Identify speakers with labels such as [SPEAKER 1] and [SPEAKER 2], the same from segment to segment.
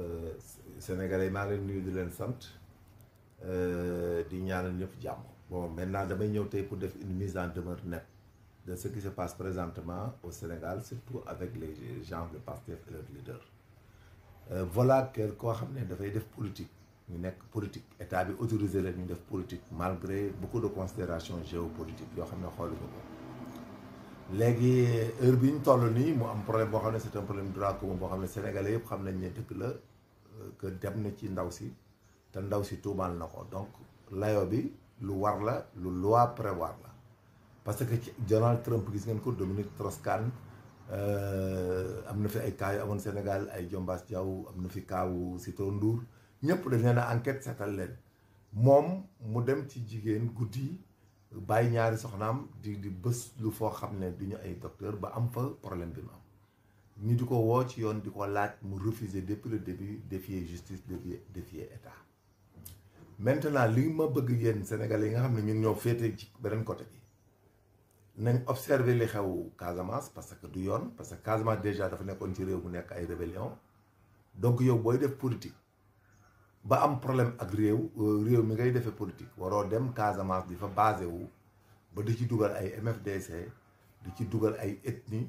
[SPEAKER 1] Euh, sénégalais maa leen nuyu di leen sant euh, di ñaanal ñëpp jàmm bon maintenant damay ñëw tey pour def une mise en demeure nette de ce qui se passe présentement au Sénégal surtout avec les gens de Pastef et leurs leaders euh, voilà quel koo xam ne dafay def politique ñu nekk politique état bi autorisé leen ñu def politique malgré beaucoup de considérations géopolitiques yoo xam ne xooluñu ko léegi heure bi ñu toll nii mu am problème boo xam ne c'est un problème droit commun boo xam ne sénégalais yëpp xam nañ ne dëkk la ke dem na ci ndaw si te ndaw si tumal nako donc layo bi lu war la lu loi prévoir la parce que Donald Trump gis ngeen ko Dominique Troscan euh amna fi ay kay yu Sénégal ay Jombas Diaw amna fi kaawu Sitor Ndour ñëpp dañ leena enquête sétal leen mom mu dem ci jigen goudi bay ñaari soxnam di di beus lu fo xamne duñu ay docteur ba am fa problème bi ni di ko woo ci yone diko ko laaj mu refuser depuis le début défier justice défier état maintenant li ma bëgg yeen Sénégalais yi nga xamné ñun ñoo fété ci beneen côté bi nañ observer li xew Casamance parce que du yone parce que Casamance déjà dafa nekkoon ci réew mu nekk ay rébellion donc yow boy def politique ba am problème ak réew euh, réew mi ngay défé politique waro dem Casamance di fa basé wu ba di ci dugal ay MFDC di ci dugal ay ethnie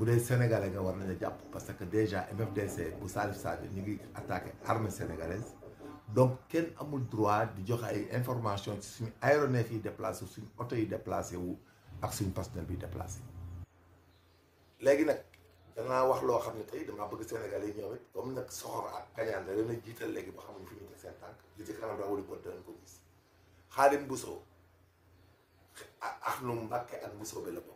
[SPEAKER 1] bu dee sénégalais nga war nañu japp parce que déjà MFDC bu Salif Sadio ñi ngi attaquer armée sénégalaise donc ken amul droit di jox ay information ci suñu aéronef yi déplacer suñu auto yi déplacer wu ak suñu personnel bi légui nak da nga wax lo xamni ne tey damaa bëgg sénégalais yi ñoom it comme nag soxor ak kañaan da leen jital légui ba xamni fi ñu teg seen tànk li ci kanam rawuli ko danañ ko gis Khalim Bousso ak nu Mbàkke ak Bousso bi la bokk